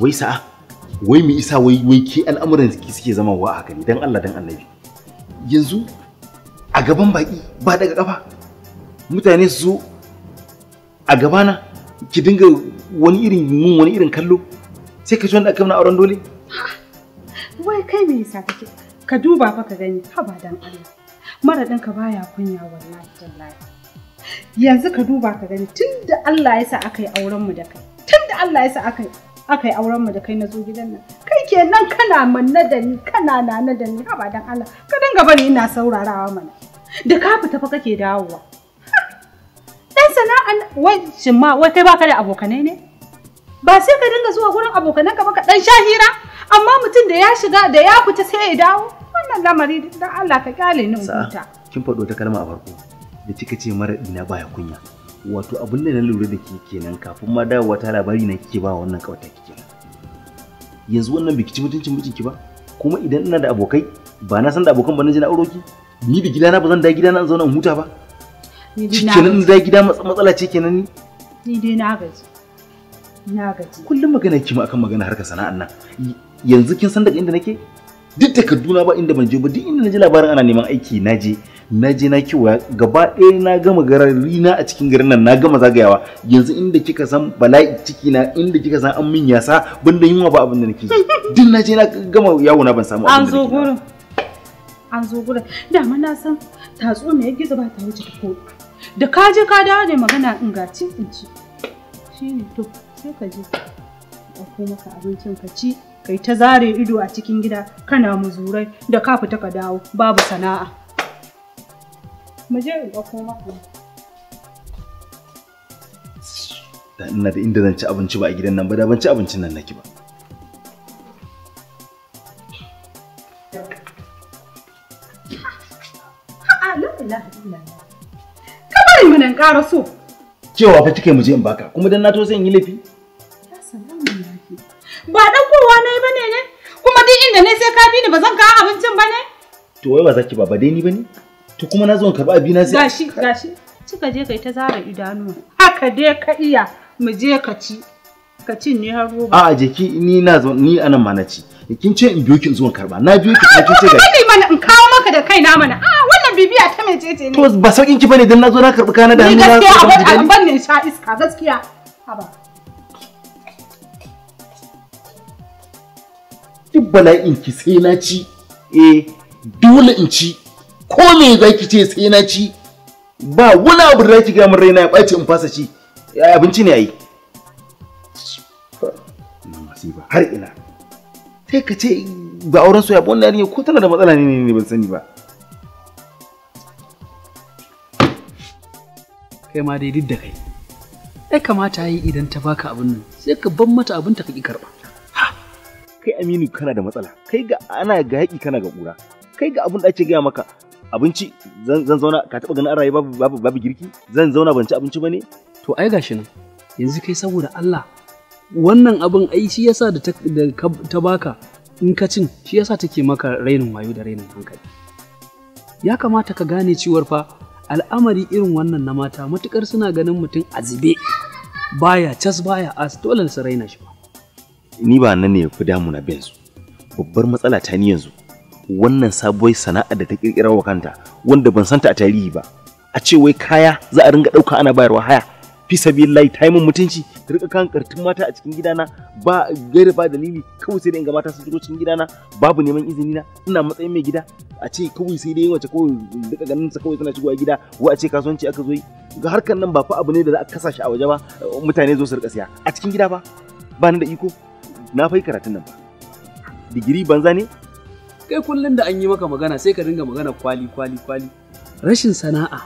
wai sa'a wai mu isa wai wai ke al'amuran ki suke zama wa haka ne dan Allah dan Annabi yanzu a gaban baki ba daga kafa mutane su a gabana ki dinga wani irin mun wani irin kallo sai ka ji wanda aka auren dole wai kai me yasa kake ka duba fa ka gani ha ba dan Allah mara ka baya kunya wallahi tallahi yanzu ka duba ka gani tunda Allah ya sa aka yi auren mu da kai tunda Allah ya sa aka yi aka yi auren mu da kai na zo gidan nan kai kenan kana manna da ni kana nana da ni haba dan Allah ka dinga bari ina saurarawa mana da ka fita fa kake dawowa dan sana'an wai shin ma wai kai baka da abokanai ne ba sai ka dinga zuwa gurin abokanan ka ba ka dan shahira amma mutum da ya shiga da ya fita sai ya dawo wannan lamari dan Allah ka kyale ni mutunta kin faɗo ta kalma a farko da kika ce mara ina baya kunya wato abin da na lura da ke kenan kafin ma dawowa ta labari na kike ba wannan kawata kike yanzu wannan biki ci mutuncin mijinki ba kuma idan ina da abokai ba na san da abokan ba na ji na auro ki ni da gidana ba zan da gidana in zauna in huta ba kenan da gida matsala ce kenan ni ni dai na gaji na gaji kullum magana ki ma akan magana harkar sana'an nan yanzu kin san daga inda nake duk takarduna ba inda ban je ba duk inda na ji labarin ana neman aiki na je na je na kiwaya gaba ɗaya na gama garari na a cikin garin nan na gama zagayawa yanzu inda kika san bala'i ciki na inda kika san an min yasa banda yunwa ba abin da nake duk na je na gama yawo na ban samu abin da an zo gurin an zo da ma na san tatso ne ya gizo ba ta wuce ko da ka je ka dawo ne magana in ga cin in ci shine to sai ka je ɗauko maka abincin ka ci kai ta zare ido a cikin gida kana muzurai da ka fita ka dawo babu sana'a mu je in ɗauko mako. ina da inda zan ci abinci ba a gidan nan ba da ban ci abincin nan naki ba kamar mu nan ƙara so cewa fa kike mu je in baka kuma dan na to sai in yi laifi ba ɗaukowa na yi bane ne kuma duk inda ne sai ka bi ni ba zan kawo abincin ba ne to wai ba zaki ba ba dai ni ba ne to kuma na zo in karɓi abina sai gashi gashi kika je kai ta zara idanu. haka dai ka iya mu je ka ci ka cin ne har roba a'a jeki ni na zo ni anan ma na ci kin ce in biyo ki zuwa karba karɓa na biyo ki kin ce gashi ni mana in kawo maka da kaina mana a wannan bibiya ta mai cece ne to ba saukin ki bane dan na zo na karɓi kana da hannu na ni gaskiya ban ne sha iska gaskiya haba duk bala'in ki sai na ci eh dole in ci ko me zaki ce sai na ci ba wani abu da zaki ga min raina ya ɓaci in fasa ci abinci ne yayi yi. har ina sai ka ce ba auren soyayya ba wannan yarinya ko tana da matsala ne ne ban sani ba kai ma dai didda da kai ai kamata yi idan ta baka abin nan sai ka ban mata abin ta kaki karba kai aminu kana da matsala kai ga ana ga haƙi kana ga ƙura kai ga abin da ake gaya maka abinci zan zauna ka taɓa ganin an rayu babu girki zan zauna ban ci abinci ba ne to ai gashi nan yanzu kai saboda Allah wannan abin ai shi yasa da ta baka in ka cin shi yasa take maka rainin wayo da rainin hankali ya kamata ka gane cewar fa al'amari irin wannan na mata matukar suna ganin mutum a baya cas baya as dole su raina shi ba ni ba nan ne ya fi bin bensu babbar matsala ta ni yanzu wannan sabuwar sana'a da ta kirkira wa kanta wanda ban santa a tarihi ba a ce wai kaya za a ringa ɗauka ana bayarwa haya fi sabi lai taimun mutunci ta rika kan kartun mata a cikin gidana ba gaira ba dalili kawai sai dai inga mata sun shigo cikin gidana babu neman izini na ina matsayin mai gida a ce kawai sai dai wace kawai duka ganin sa kawai tana shigowa gida wa a ce kasuwanci aka zo yi ga harkan nan ba fa abu ne da za a kasa a waje ba mutane zo su rika a cikin gida ba ba ni da iko na fai karatun nan ba digiri banza ne kai kullum da an yi maka magana sai ka dinga magana kwali kwali kwali rashin sana'a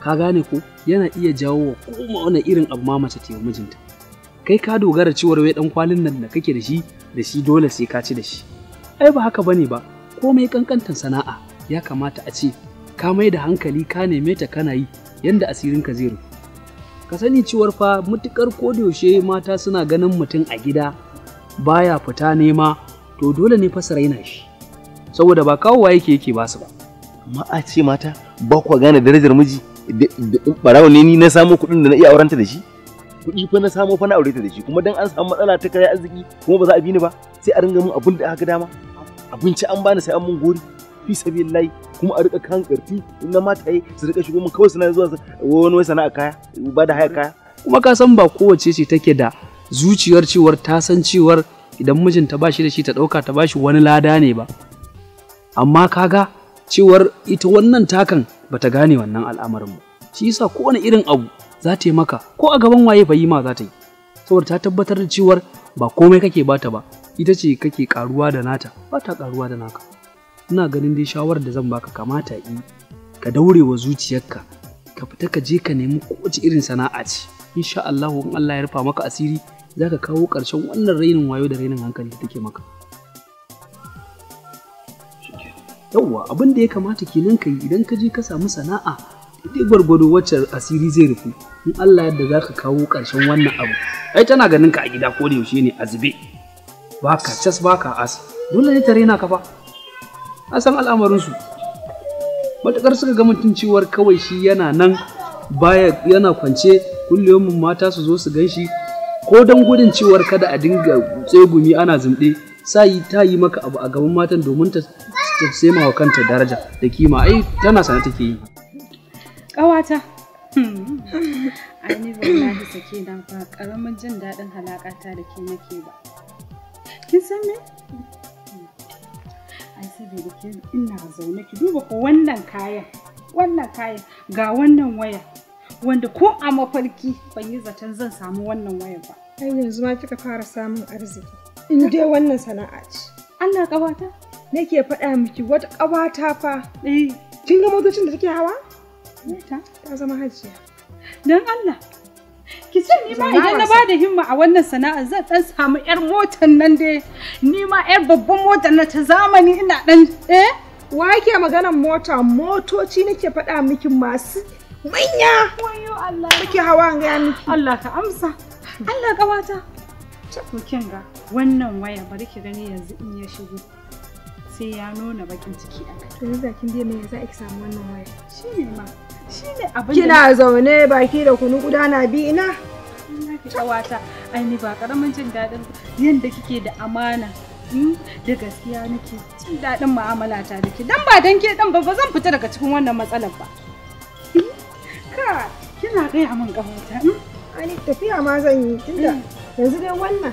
ka gane ko yana iya jawo wa koma wani irin abu ma mace ta mijinta kai ka dogara cewar wai dan kwalin nan da kake da shi da shi dole sai ka ci da shi ai ba haka bane ba komai kankantan sana'a ya kamata a ce ka mai da hankali ka neme ta kana yi yanda asirinka zai rufu ka sani cewar fa mutukar kodayaushe mata suna ganin mutum a gida baya fita nema to dole ne fasa raina shi saboda ba kawowa yake yake ba su ba amma a ce mata ba ku gane darajar miji barawo ne ni na samo kuɗin da na iya aurenta da shi kuɗi fa na samo fa na aureta da shi kuma dan an samu matsala ta kai arziki kuma ba za a bi ni ba sai a ringa mun abin da aka dama abinci an bani sai an mun gori fi sabilillahi kuma a rika kan karfi na yi su rika shigo mun kawai suna zuwa wani wai sana'a kaya ba da haya kaya kuma ka san ba kowace ce take da zuciyar cewar ta san cewar idan mijinta ba shi da shi ta ɗauka ta ba shi wani lada ne ba amma kaga cewar ita wannan takan bata gane wannan al'amarin mu shi yasa kowane irin abu za ta yi maka ko a gaban waye bai yi ma za ta yi saboda ta tabbatar da cewar ba komai kake bata ba ita ce kake karuwa da nata ba ta karuwa da naka ina ganin dai shawarar da zan baka kamata yi ka daure wa zuciyarka ka fita ka je ka nemi kowace irin sana'a ce insha Allah in Allah ya rufa maka asiri zaka kawo ƙarshen wannan rainin wayo da rainin hankali da take maka Yauwa, abin da ya kamata kenan ka yi idan ka je ka samu sana'a dai gwargwado wacce asiri zai rufu in Allah yadda za ka kawo ƙarshen wannan abu ai tana ganin ka a gida ko da yaushe ne a zube Baka cas baka as dole ne tare na kafa a san su. matuƙar suka ga mutum cewar kawai shi yana nan baya yana kwance kullum mata su zo su gan shi ko don gudun cewar kada a dinga tsegumi ana zumɗe sa yi ta yi maka abu a gaban matan domin ta sai ma wa kanta daraja da kima ai tana sana take yi ƙawata ai ni wallahi sake dan fa karamin jin daɗin halakata da ke nake ba kin san me ai da ke ina zaune ki duba ko wannan kayan wannan kayan ga wannan waya wanda ko a mafarki ban yi zaton zan samu wannan waya ba ai yanzu ma kika fara samun arziki in dai wannan sana'a ce Allah ƙawata nake faɗa miki wata ƙawata fa eh, kin ga motocin da take hawa ta ta zama hajiya dan Allah ki ce ni ma idan na bada himma a wannan sana'ar zan dan samu yar motar nan dai ni ma yar babban motar na ta zamani ina dan eh wa yake maganar mota motoci nake faɗa miki masu manya wayo Allah kike hawa ga miki Allah ka amsa Allah ƙawata. to kin ga wannan waya bari ki gani yanzu in ya shigo sai ya nuna bakin ciki a kai. Yanzu da kin biya me za ki samu wannan waya? Shi ne ma. Shi ne abin Kina zaune baki da kunu gudana bi ina? Kawata, ai ni ba karamin jin daɗin Yanda kike da amana hmm, da gaskiya nake jin daɗin mu'amala ta da ke dan ba dan ke dan ba ba zan fita daga cikin wannan matsalar ba. Hmm, ka kina gaya min ƙawata. Hmm? Ani tafiya ma zan yi tunda eh. yanzu dai wannan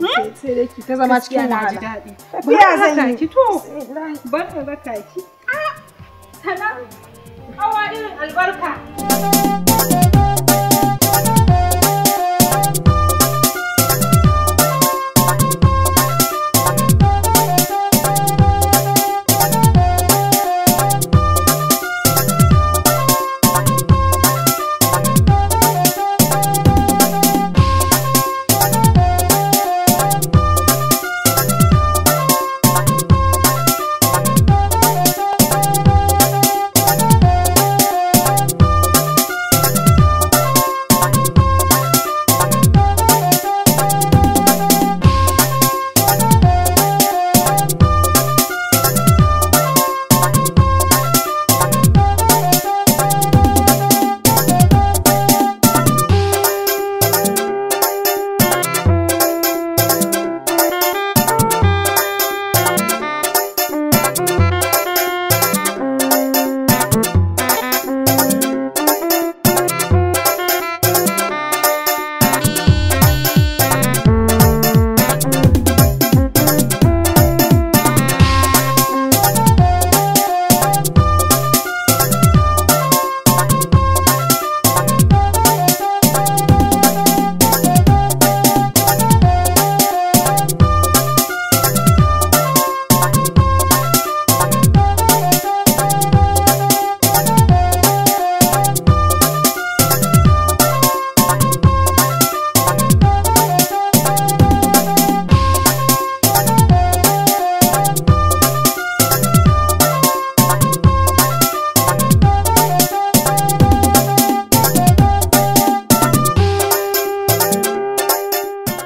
sai dai ki ta zama cikin wahala